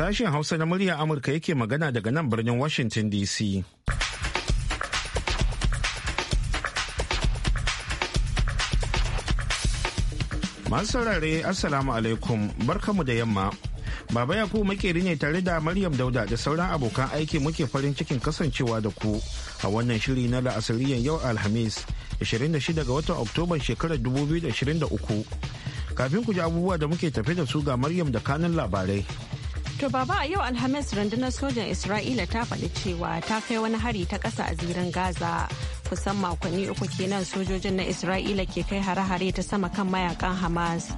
Sashen Hausa na murya Amurka yake magana daga nan birnin Washington DC. Masu saurare Assalamu alaikum barkamu da yamma. Baba ku makeri ne tare da Maryam Dauda da sauran abokan aiki muke farin cikin kasancewa da ku a wannan shiri na la'asariyan yau Alhamis 26 ga watan Oktoba shekarar 2023. Kafin ku ji abubuwa da muke tafe da su ga Maryam da kanin labarai. To baba a yau Alhamis rundunar sojan Isra'ila ta faɗi cewa ta kai wani hari ta ƙasa a zirin Gaza. Kusan makonni uku kenan sojojin na Isra'ila ke kai hare-hare ta sama kan mayakan Hamas.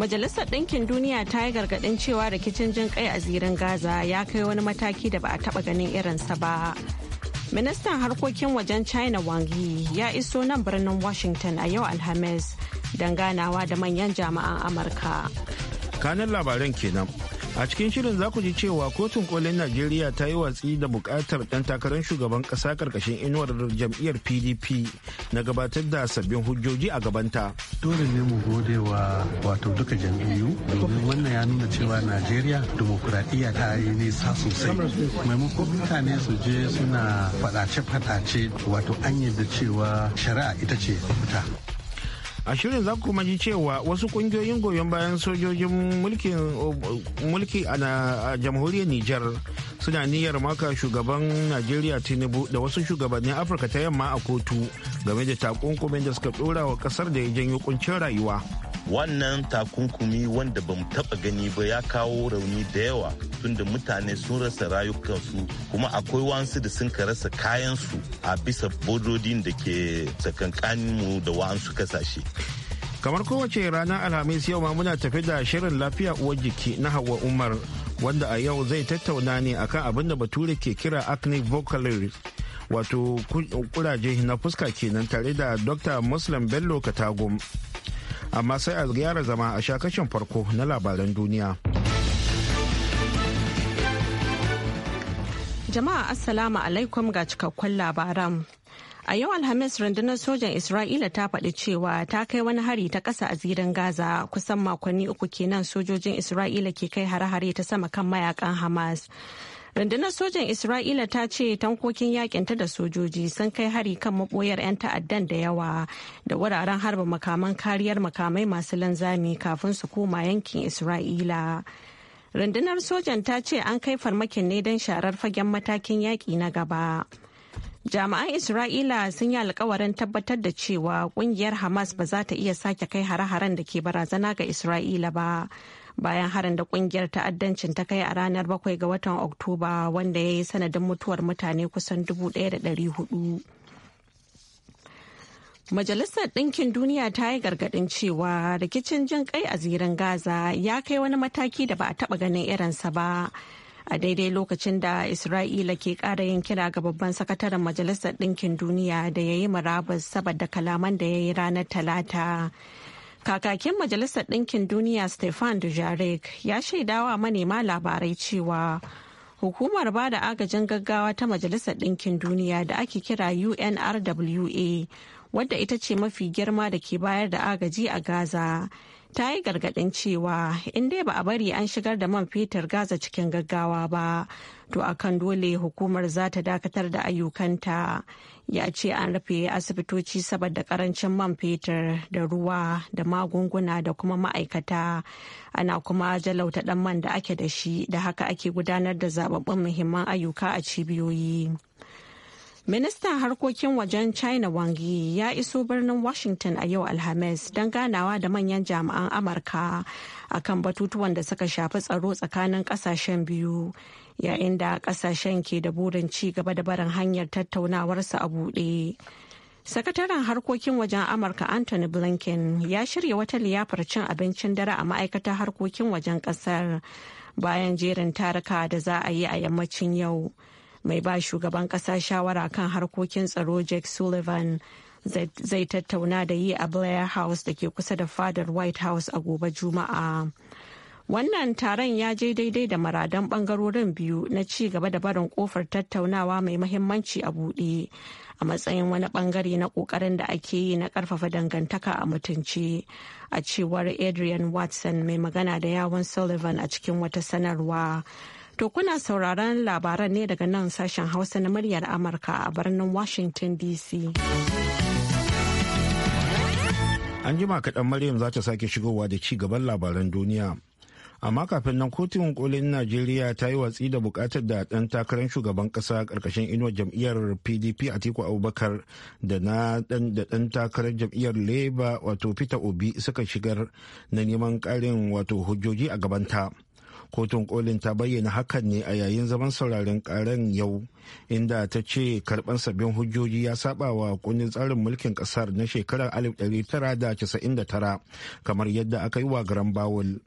Majalisar Ɗinkin Duniya ta yi gargaɗin cewa rikicin jin kai a zirin Gaza ya kai wani mataki da ba a taɓa ganin irinsa ba. Ministan harkokin wajen China Wang Yi ya iso nan birnin Washington a yau Alhamis don ganawa da manyan jami'an Amurka. Kanin labaran kenan a cikin shirin za ku ji cewa kotun kolin najeriya ta yi watsi da bukatar dan takarar shugaban kasa karkashin inuwar jam'iyyar pdp na gabatar da sabbin hujjoji a gabanta dole ne mu gode wa wato duka jam'iyyu domin wannan ya nuna cewa najeriya demokuraɗiyya ta yi nisa sosai maimakon mutane su je suna fadace-fadace wato an yadda cewa shari'a ita ce fita a shirin za ku maji cewa wasu kungiyoyin goyon bayan sojojin mulki a jamhuriyar niger suna niyyar maka shugaban najeriya tinubu da wasu shugabannin afirka ta yamma a kotu game da takunkumin da suka dora wa kasar da ya janyo kuncin rayuwa wannan takunkumi wanda ba mu taba gani ba ya kawo rauni da yawa tunda mutane sun rasa rayukansu kuma akwai wansu da sun rasa kayansu a bisa bododin da ke tsakankaninmu da wa'ansu kasashe kamar kowace ranar alhamis yau ma muna tafi da shirin lafiya uwar jiki na hawa umar wanda a yau zai tattauna ne akan abin da bature ke kira acne vocaloid wato kuraje na fuska kenan tare da dr muslim bello katagum amma sai a gyara zama a shakashin farko na labaran duniya jama'a assalamu alaikum ga cikakkun labaran A yau Alhamis rundunar sojan Isra'ila ta faɗi cewa ta kai wani hari ta ƙasa a zirin Gaza kusan makonni uku kenan sojojin Isra'ila ke kai hare-hare ta sama kan mayakan Hamas. Rundunar sojan Isra'ila ta ce tankokin yakinta da sojoji sun kai hari kan maboyar 'yan ta'addan da yawa da wuraren harba makaman kariyar makamai masu linzami kafin su koma yankin Isra'ila. Rundunar sojan ta ce an kai farmakin ne don sharar fagen matakin yaƙi na gaba. Jami'an Isra'ila sun yi alkawarin tabbatar da cewa kungiyar Hamas ba za ta iya sake kai hare-haren da ke barazana ga Isra'ila ba. Bayan harin da kungiyar ta'addancin ta kai a ranar 7 ga watan Oktoba wanda ya yi sanadin mutuwar mutane kusan 1,400. Majalisar Ɗinkin Duniya ta yi gargaɗin cewa rikicin jin kai a zirin Gaza ya kai wani mataki da ba a taɓa ganin irinsa ba. a daidai lokacin da isra'ila ke ƙara yin kira ga babban sakataren majalisar ɗinkin duniya da ya yi murabus saboda kalaman da ya yi ranar talata kakakin majalisar ɗinkin duniya stefan dujarric ya shaidawa manema labarai cewa hukumar ba da agajin gaggawa ta majalisar ɗinkin duniya da ake kira unrwa wadda ita ce mafi girma da ke bayar da agaji a Gaza. Ta yi gargaɗin cewa in dai ba a bari an shigar da man fetur Gaza cikin gaggawa ba, to akan dole hukumar za ta dakatar da ayyukanta. Ya ce an rufe asibitoci saboda karancin man fetur da ruwa da magunguna da kuma ma'aikata. Ana kuma jalauta ɗan man da ake da shi da haka ake gudanar da zababbin muhimman ayyuka a cibiyoyi. Ministan harkokin wajen China Wang Yi ya iso birnin Washington a yau Alhamis don ganawa da manyan jami'an Amurka a kan batutuwan da suka shafi tsaro tsakanin kasashen biyu. Yayin da kasashen ke da burin ci gaba da barin hanyar tattaunawar tattaunawarsa a buɗe. Sakataren harkokin wajen Amurka Anthony Blinken ya shirya wata liyafar cin abincin dare a ma'aikatar harkokin wajen kasar bayan jerin taruka da za a yi a yammacin yau. mai ba shugaban ƙasa shawara kan harkokin tsaro jake sullivan zai tattauna da yi a blair house da ke kusa da fadar white house a gobe juma'a wannan taron ya je daidai da maradan bangarorin biyu na ci gaba da barin kofar tattaunawa mai mahimmanci a buɗe a matsayin wani bangare na ƙoƙarin da ake yi na ƙarfafa dangantaka a mutunci a cewar adrian watson mai magana da yawon sullivan a cikin wata sanarwa To kuna sauraron labaran ne daga nan sashen Hausa na muryar Amurka a birnin Washington DC. An jima kaɗan Maryam za ta sake shigowa da ci gaban labaran duniya. Amma kafin nan kotun kolin Najeriya ta yi watsi da bukatar da ɗan takarar shugaban ƙasa ƙarƙashin inuwar jam'iyyar PDP a Atiku Abubakar da na ɗan takarar jam'iyyar Labour wato Peter Obi suka shigar na neman ƙarin wato hujjoji a gabanta. kotun kolin ta bayyana hakan ne a yayin zaman sauraren karen yau inda ta ce karban sabbin hujjoji ya saba wa kundin tsarin mulkin kasar na shekarar 1999 kamar yadda aka yi wa garan bawul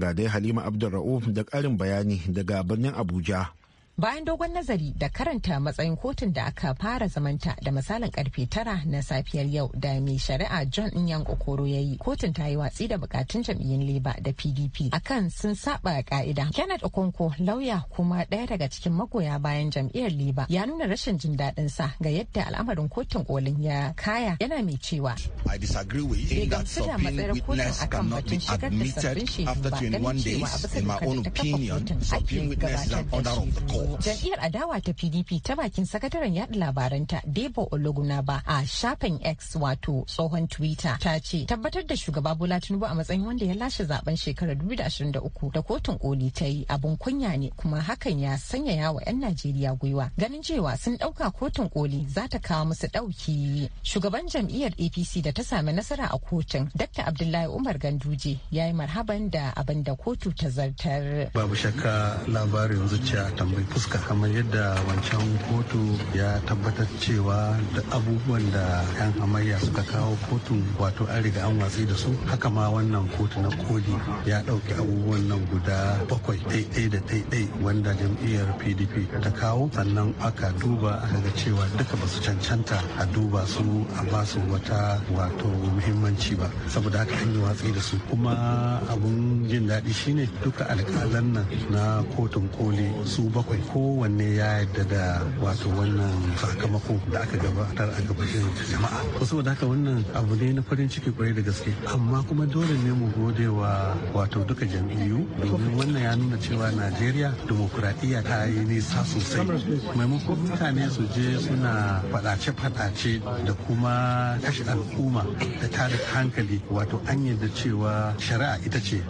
ga dai halima abdulra'uf da karin bayani daga birnin abuja bayan dogon nazari da karanta matsayin kotun da aka fara zamanta da misalin karfe tara na safiyar yau da mai shari'a john nyan okoro ya yi kotun ta yi watsi da bukatun jam'iyyun leba da pdp akan sun saba ka'ida kenneth okonko lauya kuma daya daga cikin magoya bayan jam'iyyar leba ya nuna rashin jin daɗin sa ga yadda al'amarin kotun kolin ya kaya yana mai cewa i disagree with you that subpoena witness cannot be admitted after 21 days in my own opinion subpoena witness is an order court Jam'iyyar adawa ta PDP ta bakin sakataren yaɗa labaranta Debo Ologunaba a shafin X wato tsohon Twitter ta ce tabbatar da shugaba Bola Tinubu a matsayin wanda ya lashe zaben shekarar 2023 da kotun koli ta yi abun kunya ne kuma hakan ya sanyaya wa 'yan Najeriya gwiwa ganin cewa sun dauka kotun koli za ta kawo musu dauki. Shugaban jam'iyyar APC da ta sami nasara a kotun Dr. Abdullahi Umar Ganduje ya yi marhaban da abin da kotu ta zartar. Babu shakka labarin zuciya tambayi fuska kamar yadda wancan kotu ya tabbatar cewa da abubuwan da 'yan hamayya suka kawo kotun wato an riga an watsi da su haka ma wannan kotu na koli ya ɗauki abubuwan nan guda bakwai ɗaiɗai da ɗaiɗai wanda jam'iyyar pdp ta kawo sannan aka duba aka ga cewa duka ba su cancanta a duba su a ba su wata wato muhimmanci ba saboda haka an yi watsi da su kuma abun jin daɗi shine duka alƙalan nan na kotun koli su bakwai kowanne ya yadda da wato wannan sakamako da aka gabatar a gabashin jama'a wasu da haka wannan abu ne na farin ciki kwarai da gaske amma kuma dole ne mu gode wa wato duka jam'iyyu domin wannan ya nuna cewa najeriya demokuraɗiyya ta yi nisa sosai maimakon mutane su je suna faɗace-faɗace da kuma kashe al'umma da tada hankali wato an yarda cewa shari'a ita ce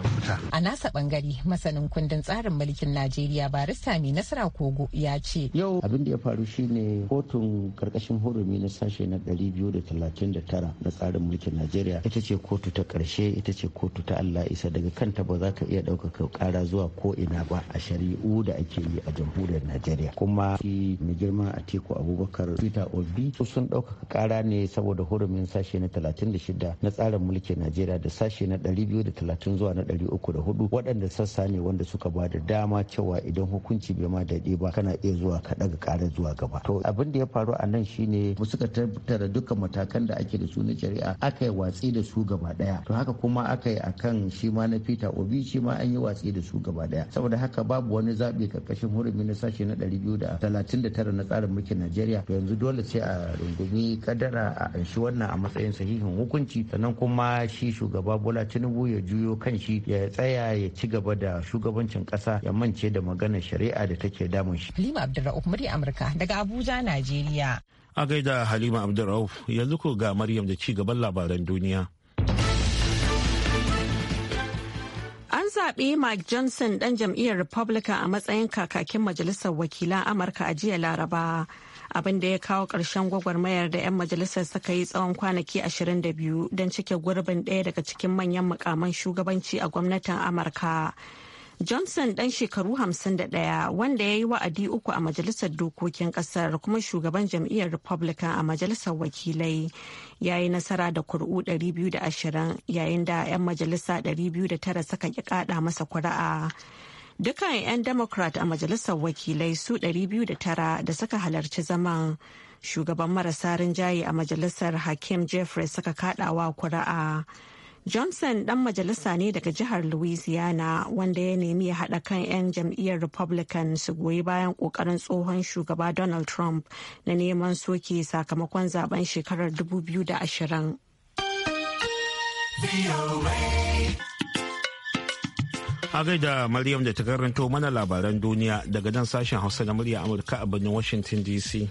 a nasa bangare masanin kundin tsarin mulkin najeriya barista mai nasara kwamishina kogo ya ce yau abin da ya faru shine kotun karkashin hurumi na sashe na 239 na tsarin mulkin najeriya ita ce kotu ta karshe ita ce kotu ta allah isa daga kanta ba za ka iya daukaka kara zuwa ko ina ba a shari'u da ake yi a jamhuriyar najeriya kuma shi mai girma a teku abubakar peter obi sun ɗaukaka kara ne saboda hurumin sashe na 36 na tsarin mulkin najeriya da sashe na 230 zuwa na 304 waɗanda sassa ne wanda suka ba da dama cewa idan hukunci bai ma daɗe ba kana iya zuwa ka ɗaga ƙara zuwa gaba to abin da ya faru a nan shine mu suka tattara dukkan matakan da ake da su na shari'a aka yi watsi da su gaba ɗaya to haka kuma aka yi akan shi ma na fita obi shi ma an yi watsi da su gaba ɗaya saboda haka babu wani zaɓi karkashin hurumi na sashe na ɗari biyu da talatin da tara na tsarin mulkin najeriya to yanzu dole sai a rungumi kadara a anshi wannan a matsayin sahihin hukunci sannan kuma shi shugaba bola tinubu ya juyo kan shi ya tsaya ya ci gaba da shugabancin ƙasa ya mance da maganar shari'a da take ke damun shi. Halima Abdulra'uf murya Amurka daga Abuja, Najeriya. A gaida Halima Abdulra'uf yanzu ko ga Maryam da ci gaban labaran duniya. An zaɓi Mike Johnson ɗan jam'iyyar Republican a matsayin kakakin Majalisar Wakilan Amurka a jiya Laraba. abin da ya kawo ƙarshen gwagwarmayar da 'yan majalisar suka yi tsawon kwanaki 22 don cike gurbin ɗaya daga cikin manyan mukaman shugabanci a gwamnatin amurka Johnson ɗan shekaru 51 wanda ya yi wa'adi uku a Majalisar Dokokin Ƙasar kuma shugaban jam'iyyar Republican a Majalisar Wakilai ya yi nasara da kuri'u 220 yayin da 'yan majalisa 209 suka ƙi kada masa kuri'a. Dukan 'yan Democrat a Majalisar Wakilai su 209 da suka halarci zaman shugaban marasa rinjaye a Majalisar Hakim Jeffries suka kaɗawa kuri'a. Johnson dan majalisa ne daga jihar Louisiana wanda ya nemi ya haɗa kan 'yan jam'iyyar Republican su goyi bayan ƙoƙarin tsohon shugaba Donald Trump na neman soke sakamakon zaben shekarar 2020. A gaida Maryam da ta karanto mana labaran duniya daga nan sashen Hausa na murya Amurka a birnin Washington DC.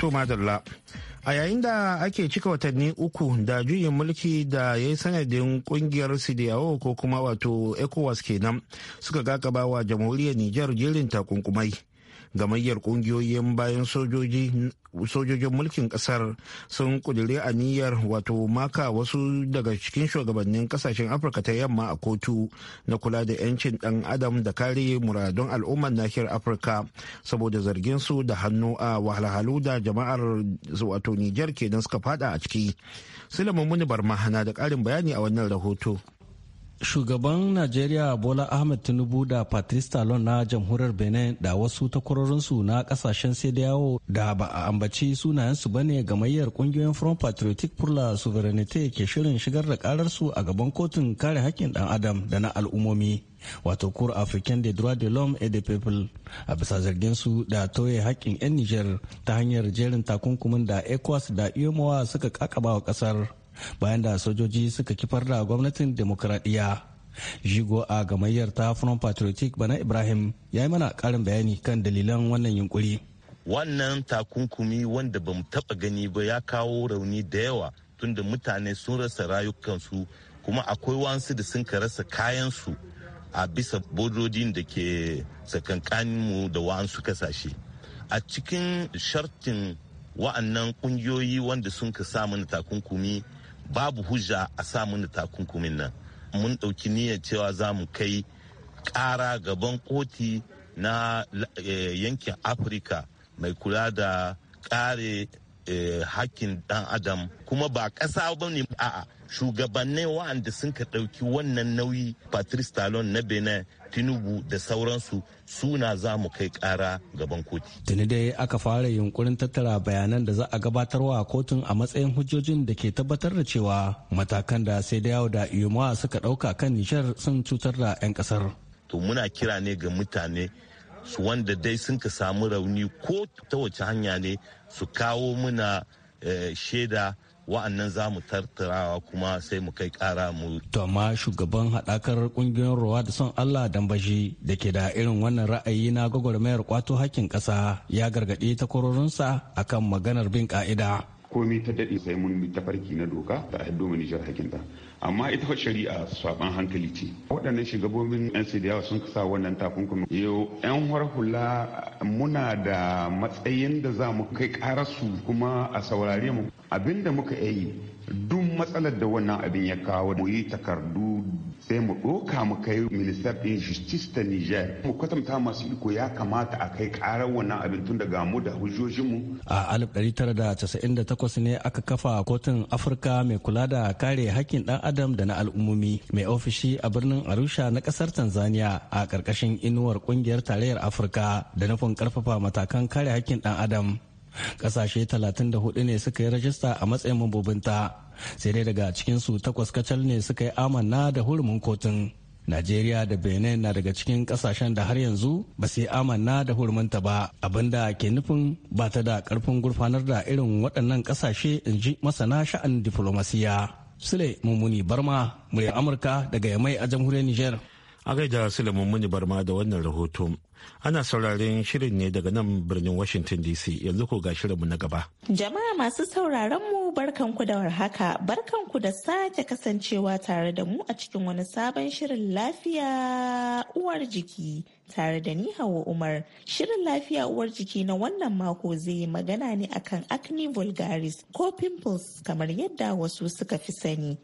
To madalla. A yayin da ake cika watanni uku da juyin mulki da ya yi sanadin kungiyar CDAO ko kuma wato ECOWAS kenan suka gagaba wa jamhuriyar Nijar jerin takunkumai. gamayyar kungiyoyin bayan sojojin mulkin kasar sun kudure aniyar wato maka wasu daga cikin shugabannin kasashen afirka ta yamma a kotu na kula da 'yancin dan adam da kare muradun al'ummar nahiyar afirka saboda zarginsu da hannu a wahalhalu da jama'ar wato nijar kenan suka fada a ciki sulaiman muni barma na da karin bayani a wannan rahoto shugaban najeriya bola ahmed tinubu da patrice talon na jamhuriyar benin da wasu takwarorinsu na kasashen sai da yawo da ba a ambaci sunayensu ba ne gamayyar kungiyoyin front patriotic pour la souveraineté ke shirin shigar da kararsu a gaban kotun kare hakkin dan adam da na al'ummomi wato cour africain des droits de l'homme et des peuples a bisa zargin su da tauye hakkin yan niger ta hanyar jerin takunkumin da ecowas da iomowa suka kakaba wa kasar bayan da sojoji suka kifar da gwamnatin demokuraɗiyya jigo a gamayyar ta front patriotic bana ibrahim ya yi mana ƙarin bayani kan dalilan wannan yunkuri wannan takunkumi wanda bamu taɓa gani ba ya kawo rauni da yawa tunda mutane sun rasa rayukansu kuma akwai wansu da sun ka rasa kayansu a bisa bododin da ke mu da wa'ansu kasashe a cikin shartin wa'annan ƙungiyoyi wanda sun ka sa takunkumi babu hujja a sa mini takunkumin nan mun ɗauki niyyar cewa za mu kai ƙara gaban koti na eh, yankin afirka mai kula da ƙare eh, hakkin ɗan adam kuma ba ƙasa ba ne a'a shugabannin wa'anda sun ka ɗauki wannan nauyi patrice talon na benin tinubu da sauransu suna za mu kai kara gaban koti. tuni dai aka fara yunkurin tattara bayanan da za a gabatarwa a kotun a matsayin hujjojin da ke tabbatar da cewa matakan da sai da yawo da suka ɗauka kan nishar sun cutar da 'yan ƙasar. to muna kira ne ga mutane su wanda dai sun ka samu rauni ko ta wace hanya ne su kawo muna eh, shaida wa'annan za mu tartarawa kuma sai mu kai kara mu. To amma shugaban hadakar ƙungiyoyin ruwa da son Allah dambashi da ke da irin wannan ra'ayi na gwagwarmayar kwato hakkin ƙasa ya gargaɗi takwarorinsa akan maganar bin ƙa'ida. Komi ta daɗe sai mun tafarki na doka ta haɗo mu Nijar ta amma ita shari'a saban hankali ce waɗannan shugabomin yan sidiyawa sun kasa wannan takunkumi yau yan hula muna da matsayin da za mu kai karasu kuma a saurare mu abinda muka yi duk matsalar da wannan abin ya kawo mu yi takardu sai mu ɗoka mu kai minister in justice ta niger mu kwatanta masu iko ya kamata a kai karar wannan abin tun daga mu da hujjojinmu a 1998 ne aka kafa kotun afirka mai kula da kare hakkin ɗan adam da na al'ummomi mai ofishi a birnin arusha na ƙasar tanzania a ƙarƙashin inuwar ƙungiyar tarayyar afirka da nufin ƙarfafa matakan kare hakkin ɗan adam ƙasashe 34 ne suka yi rajista a matsayin ta. sai dai daga cikinsu takwas kacal ne suka yi amana da hurumin kotun Najeriya da Benin na daga cikin kasashen da har yanzu ba su yi amanna da ta ba abinda ke nufin ba ta da karfin gurfanar da irin waɗannan kasashe in ji masana sha'an diflomasiya. Sule Mummuni Barma, murya Amurka daga Yamai a jamhuriyar Nijar. A gaida Sulaiman Muni Barma da wannan rahoto. Ana sauraren shirin ne daga nan birnin Washington DC yanzu ko ga shirinmu na gaba. Jama'a masu sauraron mu barkanku da warhaka, barkanku da sake kasancewa tare da mu a cikin wani sabon shirin lafiya uwar jiki. Tare da ni Hawa Umar, shirin lafiya uwar jiki na wannan mako zai yi magana ne akan acne vulgaris ko pimples kamar yadda wasu suka fi sani.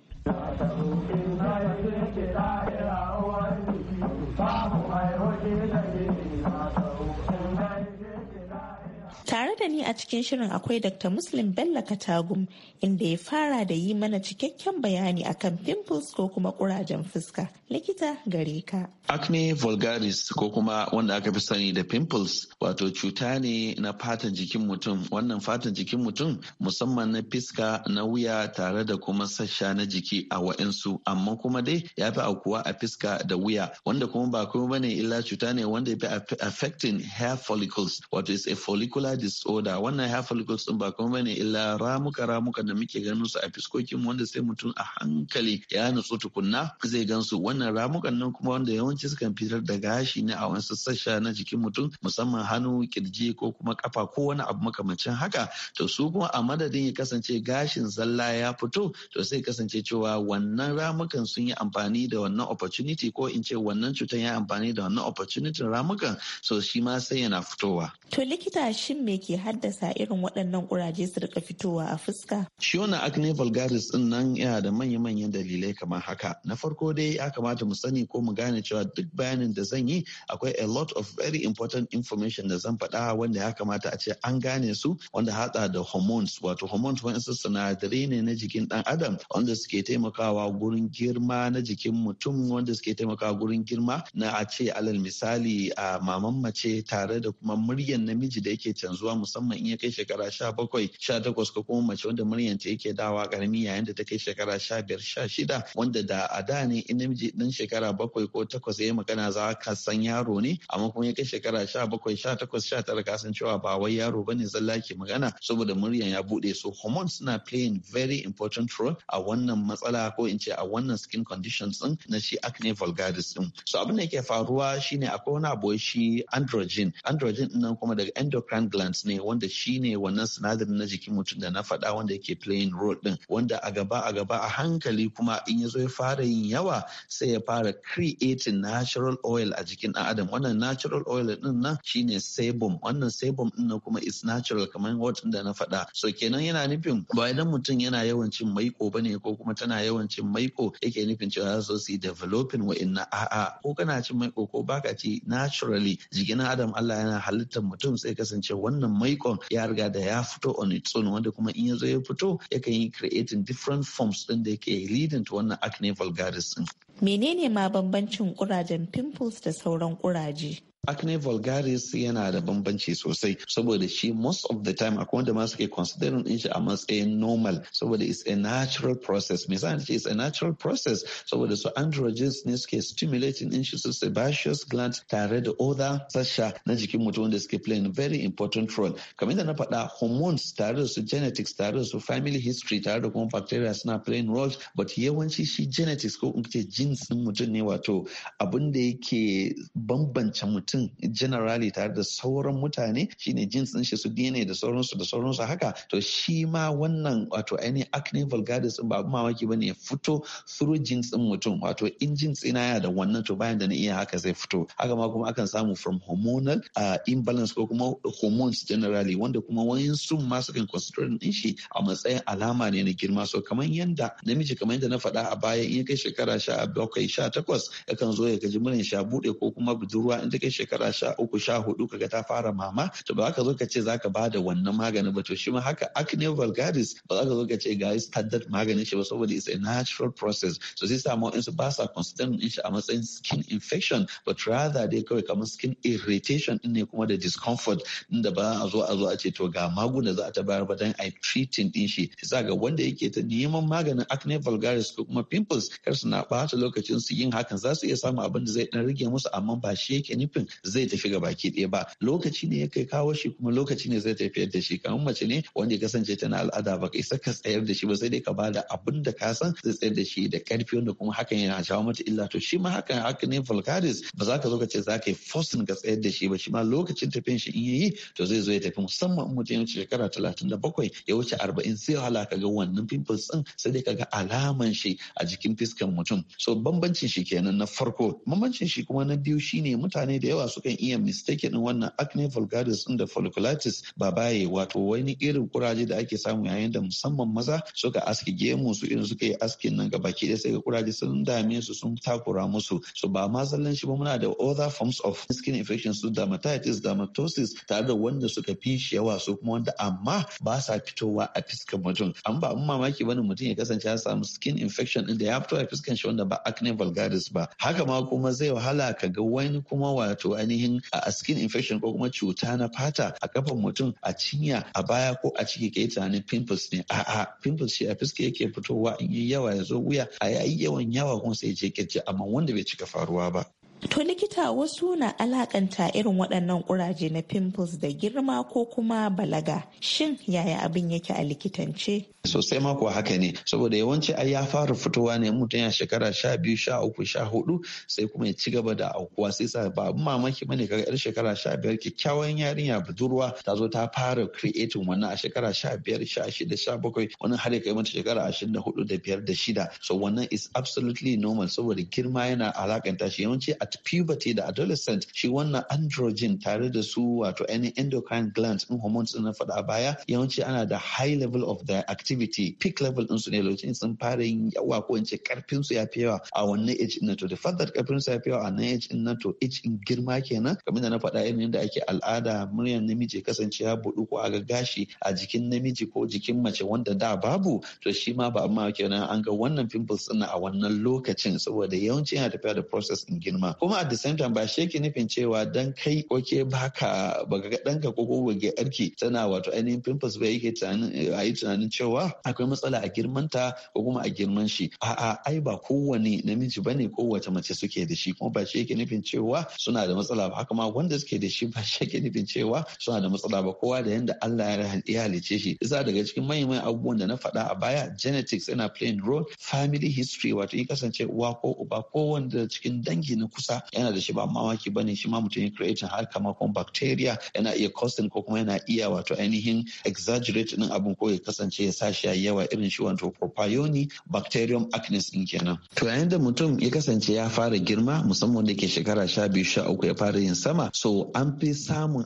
Tare da ni a cikin shirin akwai Dr. Muslim Bello Katagum inda ya fara da yi mana cikakken bayani akan pimples ko kuma kurajen fuska. Likita gare ka. Acne vulgaris ko kuma wanda aka fi sani da pimples wato cuta ne na fatan jikin mutum. Wannan fatan jikin mutum musamman na fiska na wuya tare da kuma sassa na jiki a wa'insu amma kuma dai ya fi aukuwa a fiska da wuya wanda kuma ba kuma bane illa cuta ne wanda ya fi affecting hair follicles wato is a follicular disorder wannan ya follicles din ba kuma bane illa ramuka ramuka da muke ganin su a fiskokin wanda sai mutum a hankali ya nutsu tukunna zai gansu wannan ramukan nan kuma wanda yawanci sukan fitar da gashi ne a wasu sassa na jikin mutum musamman hannu kirji ko kuma kafa ko wani abu makamancin haka to su kuma a madadin ya kasance gashin zalla ya fito to sai kasance cewa wannan ramukan sun yi amfani da wannan opportunity ko in ce wannan cutan ya amfani da wannan opportunity ramukan so shi ma sai yana fitowa to likita shin me ne ke haddasa irin waɗannan ƙuraje su rika fitowa a fuska? Shi wannan acne vulgaris din nan yana da manya-manyan dalilai kamar haka. Na farko dai ya kamata mu sani ko mu gane cewa duk bayanin da zan yi akwai a lot of very important information da zan faɗa wanda ya kamata a ce an gane su wanda haɗa da hormones wato hormones wani sinadarai ne na jikin ɗan adam wanda suke taimakawa gurin girma na jikin mutum wanda suke taimakawa gurin girma na a ce alal misali a maman mace tare da kuma muryan namiji da yake canzuwa kasuwa musamman in ya kai shekara sha bakwai sha takwas ko kuma mace wanda muryanta yake dawa karami yayin da ta kai shekara sha biyar sha shida wanda da a da ne in namiji dan shekara bakwai ko takwas ya yi magana za ka san yaro ne amma kuma ya kai shekara sha bakwai sha takwas sha tara ka san cewa ba wai yaro bane zalla ke magana saboda muryan ya bude so hormones suna playing very important role a wannan matsala ko in ce a wannan skin conditions din na shi acne vulgaris din so abin da yake faruwa shine akwai wani abu shi androgen androgen din nan kuma daga endocrine gland ne wanda shi ne wannan sinadarin na jikin mutum da na faɗa wanda yake playing role din. wanda a gaba a gaba a hankali kuma in ya zo ya fara yin yawa sai ya fara creating natural oil a jikin ɗan adam wannan natural oil din nan shine sebum wannan sebum ɗin nan kuma is natural kamar watan da na faɗa so kenan yana nufin ba idan mutum yana yawan cin maiko bane ko kuma tana yawan cin maiko yake nufin cewa za su yi developing wa'inna a'a ko kana cin maiko ko baka ci naturally jikin adam Allah yana halittar mutum sai kasance wannan wannan maikon ya riga da ya fito on its own wanda kuma in yazo ya fito yakan yi creating different forms din da yake leading to wannan acne vulgaris din menene ma bambancin kurajen pimples da sauran kuraje acne vulgaris yana da bambanci sosai saboda shi most of the time akwai wanda masu suke considering din shi a matsayin normal saboda it's a natural process misali ce it's a natural process saboda so androgens ne suke stimulating din shi su sebaceous gland tare da other sasha na jikin mutum wanda suke playing very important role kamar yadda na faɗa hormones tare da su genetics tare da su family history tare da kuma bacteria suna playing roles but yawanci shi genetics ko in ce jinsin mutum ne wato abin da yake bambance mutum generally tare da sauran mutane shine jinsin shi su dna da sauransu da sauransu haka to shi ma wannan wato ainihin acne vulgaris ba mamaki ba ne ya fito through jinsin mutum wato in jinsi na ya da wannan to bayan da na iya haka zai fito haka ma kuma akan samu from hormonal uh, imbalance ko kuma hormones generally wanda kuma wayansu ma kan consider din shi a matsayin alama ne na girma so kamar yanda namiji kamar yanda na faɗa a baya in ya kai shekara sha bakwai sha takwas yakan zo ya gaji murin sha bude ko kuma budurwa in ta kai shekara sha uku sha hudu kaga ta fara mama to ba ka zo ka ce zaka ba da wannan maganin ba to shi ma haka acne vulgaris ba za ka zo ka ce ga standard maganin shi ba saboda it's a natural process so sai samu in su ba sa considering in shi a matsayin skin infection but rather dai kawai kamar skin irritation din ne kuma da discomfort din da ba a zo a zo a ce to ga magunguna za a ta bayar ba dan ai treating din shi sai ga wanda yake ta neman maganin acne vulgaris ko kuma pimples kar su na bata lokacin su yin hakan za su iya samun abin da zai dan rage musu amma ba shi yake nufin zai tafi ga baki ɗaya ba lokaci ne ya kai kawo shi kuma lokaci ne zai tafiyar da shi kamar mace ne wanda ya kasance tana al'ada ba kai saka tsayar da shi ba sai dai ka bada abin da ka san zai tsayar da shi da karfi wanda kuma hakan yana jawo mata illa to shi ma hakan haka ne vulgaris ba za ka zo ka ce za ka yi forcing ga tsayar da shi ba shi ma lokacin tafiyan shi in yi to zai zo ya tafi musamman in mutum ya wuce shekara talatin da bakwai ya wuce arba'in sai wahala ka ga wannan pimples din sai dai ka ga alaman shi a jikin fiskan mutum so bambancin shi kenan na farko bambancin shi kuma na biyu shine mutane da yawa sukan iya mistake din wannan acne vulgaris din da folliculitis ba baye wato wani irin kuraje da ake samu yayin da musamman maza suka aski gemu su irin suka yi askin nan gaba ki da sai ga kuraje sun dame su sun takura musu so ba ma zallan shi ba muna da other forms of skin infections su dermatitis dermatosis tare da wanda suka fi shi yawa su kuma wanda amma ba sa fitowa a fiskar mutum an ba mamaki bane mutum ya kasance ya samu skin infection din da ya fito a fiskar shi wanda ba acne vulgaris ba haka ma kuma zai wahala ka ga wani kuma wato ainihin a skin infection ko kuma cuta na fata a kafan mutum a cinya a baya ko a ciki kai tunanin pimples ne a'a pimples shi a fuska yake fitowa in yi yawa ya zo wuya a yayi yawan yawa kuma sai je kirji amma wanda bai cika faruwa ba To likita wasu na alakanta irin waɗannan ƙuraje na pimples da girma ko kuma balaga. Shin yaya abin yake a likitance? Sosai mako haka ne, saboda yawanci ai ya fara fitowa ne mutum ya shekara sha biyu sha uku sha hudu sai kuma ya ci gaba da aukuwa sai sa ba mamaki bane kaga yar shekara sha biyar kyakkyawan yarinya budurwa ta zo ta fara creating wannan a shekara sha biyar sha shida sha bakwai wani har ya kai mata shekara ashirin da hudu da biyar da shida so wannan is absolutely normal saboda girma yana alakanta shi yawanci a at puberty da adolescent shi wannan androgen tare da su wato any endocrine glands in hormones din na fada a baya yawanci ana da high level of their activity peak level din su ne lokacin sun fara yin yawa ko ince karfin su ya fi yawa a wannan age din to da further karfin su ya fi yawa a nan age din to age in girma kenan kamar da na faɗa irin yadda ake al'ada muryar namiji kasance ya buɗu ko a gashi a jikin namiji ko jikin mace wanda da babu to shi ma ba amma kenan an ga wannan pimples din a wannan lokacin saboda yawanci yana tafiya da process in girma kuma a the same time ba shi yake nufin cewa dan kai oke baka baka ga danka ko ko ga arki tana wato ainihin pimples ba yake tunanin eh, ayi tunanin cewa akwai matsala a girmanta ko kuma a girman shi a'a ai ba kowane namiji bane kowace mace suke da shi kuma ba shi yake nufin cewa suna da matsala ba haka ma wanda suke da shi ba shi yake nufin cewa suna da matsala ba kowa da yanda Allah ya halice shi isa daga cikin manyan abubuwan da na faɗa a baya genetics yana playing role family history wato in kasance uwa ko uba ko wanda cikin dangi na kusa kusa yana da shi ba mamaki bane shi ma mutum ya creating har kama kuma bacteria yana iya causing ko kuma yana iya wato ainihin exaggerate din abin ko ya kasance ya sa shi yawa irin shi wato propionic bacterium acnes din kenan to yayin da mutum ya kasance ya fara girma musamman da ke shekara sha biyu sha uku ya fara yin sama so an fi samun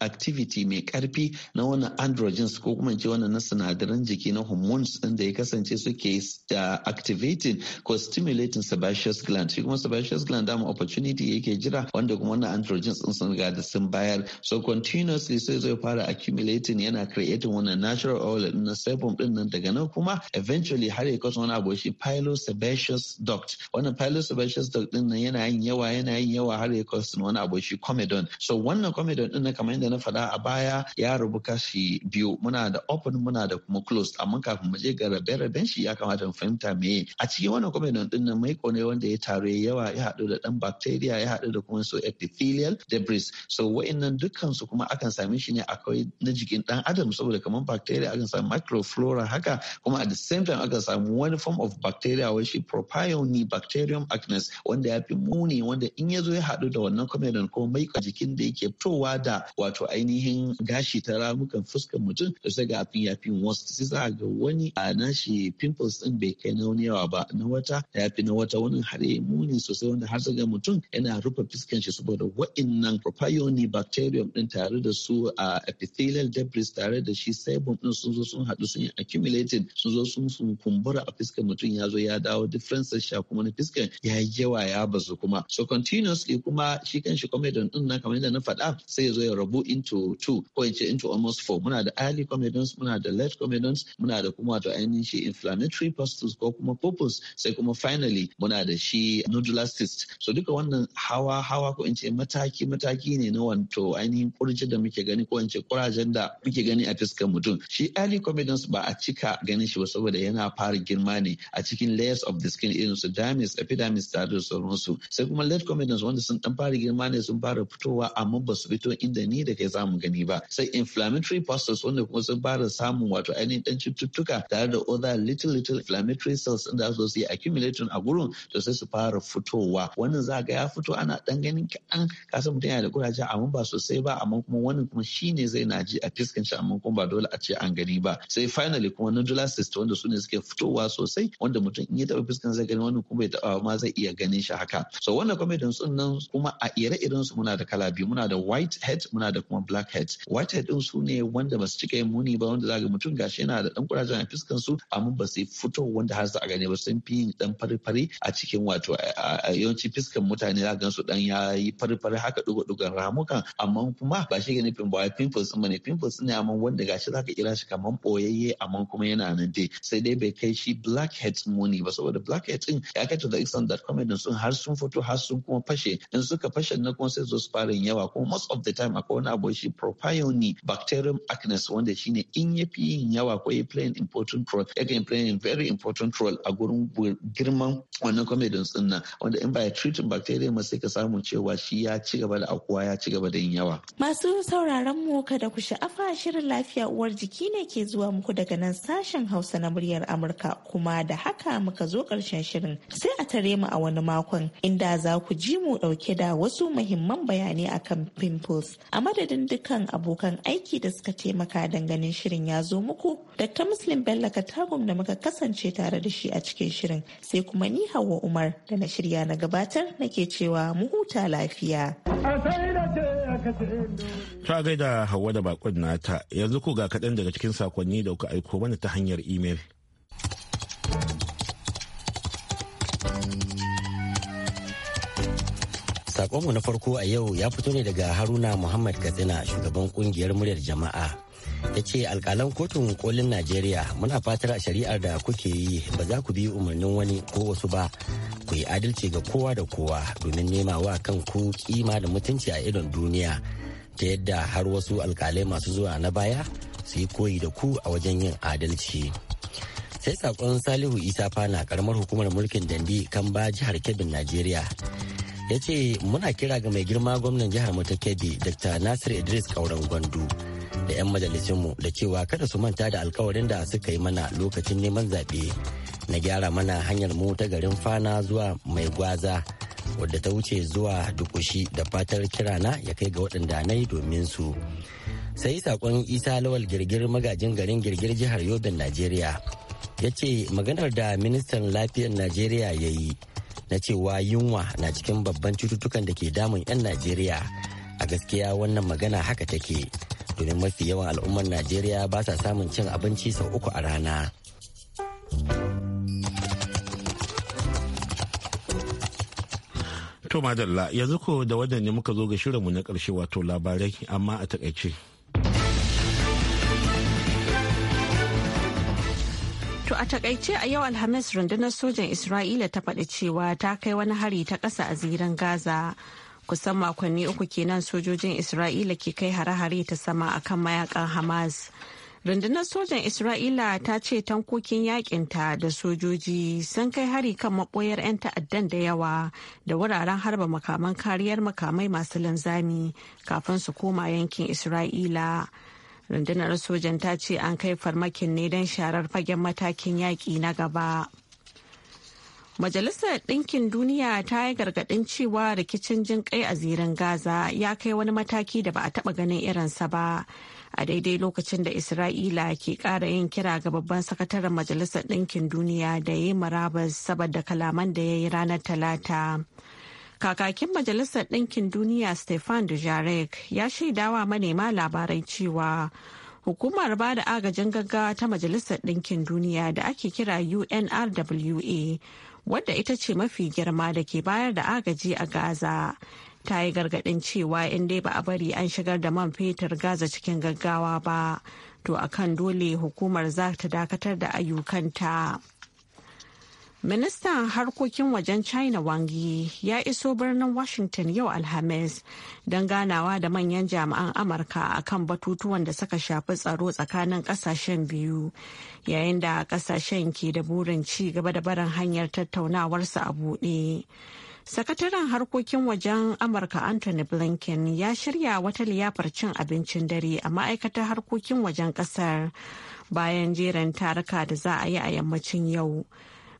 activity mai karfi na wannan androgens ko kuma ce wannan na sinadaran jiki na hormones din da ya kasance suke uh, activating ko stimulating sebaceous gland shi kuma sebaceous gland dama opportunity yake jira wanda kuma wannan androgens din sun riga da sun bayar so continuously sai zai fara accumulating yana creating wannan natural oil din na sebum din nan daga nan kuma eventually har ya kasu wani abu shi pilosebaceous duct wannan pilosebaceous duct din nan yana yin yawa yana yin yawa har ya kasu wani abu shi comedon so wannan comedon din na kamar yadda na faɗa a baya ya rubu kashi biyu muna da open muna da kuma closed amma kafin mu je ga rabe-raben shi ya kamata mu fahimta me a cikin wannan comedon din nan mai kone wanda ya taru yawa ya haɗu da Ɗan bacteria ya haɗu da kuma su epithelial debris so wa'annan dukkan su kuma akan same shi ne akwai na jikin ɗan adam saboda kamar bacteria akan samu microflora haka kuma at the same time akan samu wani form of bacteria wai shi bacterium acnes wanda ya fi muni wanda in ya zo ya haɗu da wannan comedon ko mai jikin da yake fitowa da wato ainihin gashi ta ramukan fuskar mutum da sai ga abin ya fi worst sai za ga wani a nashi pimples din bai kai na wani yawa ba na wata ya fi na wata wani har ya muni sosai wanda har sun ga mutum yana rufe fiskan shi saboda wa'innan bacterium din tare da su a epithelial debris tare da shi sebum din sun zo sun haɗu sun yi accumulated sun zo sun kumbura a fuskan mutum ya zo ya dawo differences sha kuma na fiskan ya yi yawa ya bazu kuma so continuously kuma shi kan shi comedian din na kamar yadda na faɗa sai ya zo ya rabu into two ko in ce into almost four muna da early comedians muna da late comedians muna da kuma wato ainihin shi inflammatory pustules ko kuma pupils sai kuma finally muna da shi nodular cyst so duka wannan hawa hawa ko in ce mataki mataki ne na wanto ainihin kurji da muke gani ko in ce kurajen da muke gani a fiskar mutum shi early confidence ba a cika ganin shi ba saboda yana fara girma ne a cikin layers of the skin irin su dermis epidermis da sauransu sai kuma late confidence wanda sun dan fara girma ne sun fara fitowa amma ba su fito inda ni da kai zamu gani ba sai inflammatory pustules wanda kuma sun fara samun wato ainihin dan cututtuka tare da other little little inflammatory cells da su yi accumulating a gurin to sai su fara fitowa wannan za ga ya fito ana dan ganin an kasa mutum yana da kuraje amma ba sosai ba amma kuma wannan kuma shine zai na ji a fiskan shi amma kuma ba dole a ce an gani ba sai finally kuma nodular cyst wanda su ne suke fitowa sosai wanda mutum in ya taba fiskan zai gani wannan kuma bai taba ma zai iya ganin shi haka so wannan comedians din nan kuma a ire-iren su muna da kala biyu muna da white head muna da kuma black head white head din su ne wanda basu su cika yin muni ba wanda za zaga mutum gashi yana da dan kuraje a fiskan su amma ba sai fito wanda har za a gani ba sun fi yin dan fari-fari a cikin wato yawanci fiskan mutane za gan su dan ya yayi farfar haka dugo dugan ramukan amma kuma ba shi ga nufin ba pimples din ne pimples ne amma wanda gashi ka kira shi kaman boyayye amma kuma yana nan dai sai dai bai kai shi black blackhead muni ba saboda blackhead din ya kai to da kuma that comedy sun har sun fito har sun kuma fashe in suka fashe na kuma sai zo su fara yawa kuma most of the time akwai wani abu shi propionic bacterium acnes wanda shine in ya fi yin yawa ko ya an important role ya kan playing very important role a gurin girman wannan comedy din nan wanda in ba cutar bacteria ma sai ka samu cewa shi ya ci gaba da akuwa ya ci gaba da yin yawa. Masu sauraron mu kada ku sha'afa shirin lafiya uwar jiki ne ke zuwa muku daga nan sashen Hausa na muryar Amurka kuma da haka muka zo karshen shirin sai a tare mu a wani makon inda za ku ji mu ɗauke da wasu muhimman bayanai akan pimples a madadin dukkan abokan aiki da suka taimaka ganin shirin ya zo muku Dr. Muslim Bello Katagum da muka kasance tare da shi a cikin shirin sai kuma ni Hauwa Umar da na shirya na gabata fatar nake cewa mu huta lafiya. Ta gaida Hauwa da bakon nata yanzu ku ga kaɗan daga cikin sakonni da kuka aiko mana ta hanyar imel. Sakonmu na farko a yau ya fito ne daga Haruna Muhammad Katsina shugaban kungiyar muryar jama'a. ya ce alkalan kotun kolin najeriya muna fatar a shari'ar da kuke yi ba za ku bi umarnin wani ko wasu ba ku yi adalci ga kowa da kowa domin nema wa kan ku kima da mutunci a idon duniya ta yadda har wasu alkalai masu zuwa na baya su yi koyi da ku a wajen yin adalci sai sakon salihu isa fana karamar hukumar mulkin dandi kan ba jihar Kebbi najeriya ya ce muna kira ga mai girma gwamnan jihar mu ta kebbi dr nasir idris kauran gwandu da 'yan majalisunmu da cewa kada su manta da alkawarin da suka yi mana lokacin neman zaɓe na gyara mana hanyar mu ta garin fana zuwa mai gwaza wadda ta wuce zuwa dukushi da fatar kirana ya kai ga waɗanda na yi domin su sai saƙon isa lawal girgir magajin garin girgir jihar yobin najeriya ya ce maganar da ministan lafiyar najeriya ya yi na cewa yunwa na cikin babban cututtukan da ke damun 'yan najeriya a gaskiya wannan magana haka take domin mafi yawan al'ummar najeriya ba sa samun cin abinci sau uku a rana to madalla yanzu ko da wadanne muka zo ga shirinmu na ƙarshe wato labarai amma a takaice To a takaice a yau Alhamis rundunar sojan Isra'ila ta faɗi cewa ta kai wani hari ta ƙasa a ziran Gaza kusan makonni uku kenan sojojin isra'ila ke kai hare-hare ta sama akan mayakan hamas rundunar sojan isra'ila ta ce tankokin yakinta da sojoji sun kai hari kan maboyar 'yan ta'addan da yawa da wuraren harba makaman kariyar makamai masu linzami kafin su koma yankin isra'ila rundunar sojan ta ce an kai farmakin ne don sharar fagen matakin yaƙi na gaba Majalisar Ɗinkin Duniya ta yi gargaɗin cewa rikicin jin kai a zirin Gaza ya kai wani mataki da ba a taɓa ganin irinsa ba. A daidai lokacin da Isra'ila ke ƙara yin kira ga babban sakataren Majalisar Ɗinkin Duniya da ya yi marabas saboda kalaman da ya yi ranar Talata. Kakakin Majalisar Ɗinkin Duniya Stefan Dujarric ya shaidawa manema labarai cewa hukumar ba da agajin gaggawa ta majalisar ɗinkin duniya da ake kira unrwa wadda ita ce mafi girma da ke bayar da agaji a gaza ta yi gargaɗin cewa in dai ba a bari an shigar da man fetur gaza cikin gaggawa ba to akan dole hukumar za ta dakatar da ayyukanta. Ministan harkokin wajen China Wang Yi ya iso birnin Washington yau Alhamis don ganawa da manyan jami'an Amurka a kan batutuwan da suka shafi tsaro tsakanin kasashen biyu yayin da kasashen ke da burin ci gaba da barin hanyar tattaunawarsa a buɗe. Sakataren harkokin wajen Amurka Anthony Blinken ya shirya wata liyafar cin abincin dare a ma'aikatar harkokin wajen ƙasar bayan jerin taruka da za a yi a yammacin yau.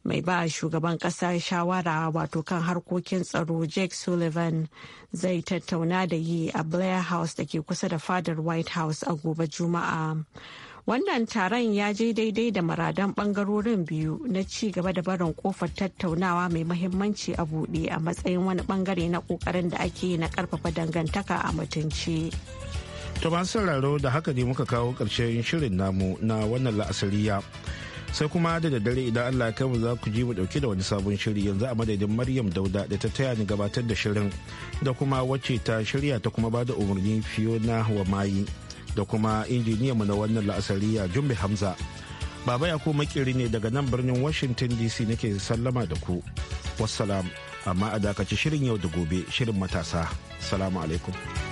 mai ba shugaban kasa shawara wato kan harkokin tsaro jake sullivan zai tattauna da yi a blair house da ke kusa da fadar white house a gobe juma'a wannan taron ya je daidai da maradan bangarorin biyu na ci gaba da barin kofar tattaunawa mai mahimmanci a buɗe a matsayin wani bangare na ƙoƙarin da ake yi na ƙarfafa dangantaka a mutunci. to masu sauraro da haka ne muka kawo ƙarshen shirin namu na wannan la'asariya sai kuma da daddare idan Allah ya mu za ku ji mu dauke da wani sabon shiri yanzu a madadin Maryam Dauda da ta taya ni gabatar da shirin da kuma wacce ta shirya ta kuma bada umarni Fiona wa Mayi da kuma injiniya mu na wannan la'asariya Jumbe Hamza. Baba ya makiri ne daga nan birnin Washington DC nake sallama da ku. Wassalam amma a dakaci shirin yau da gobe shirin matasa. Assalamu alaikum.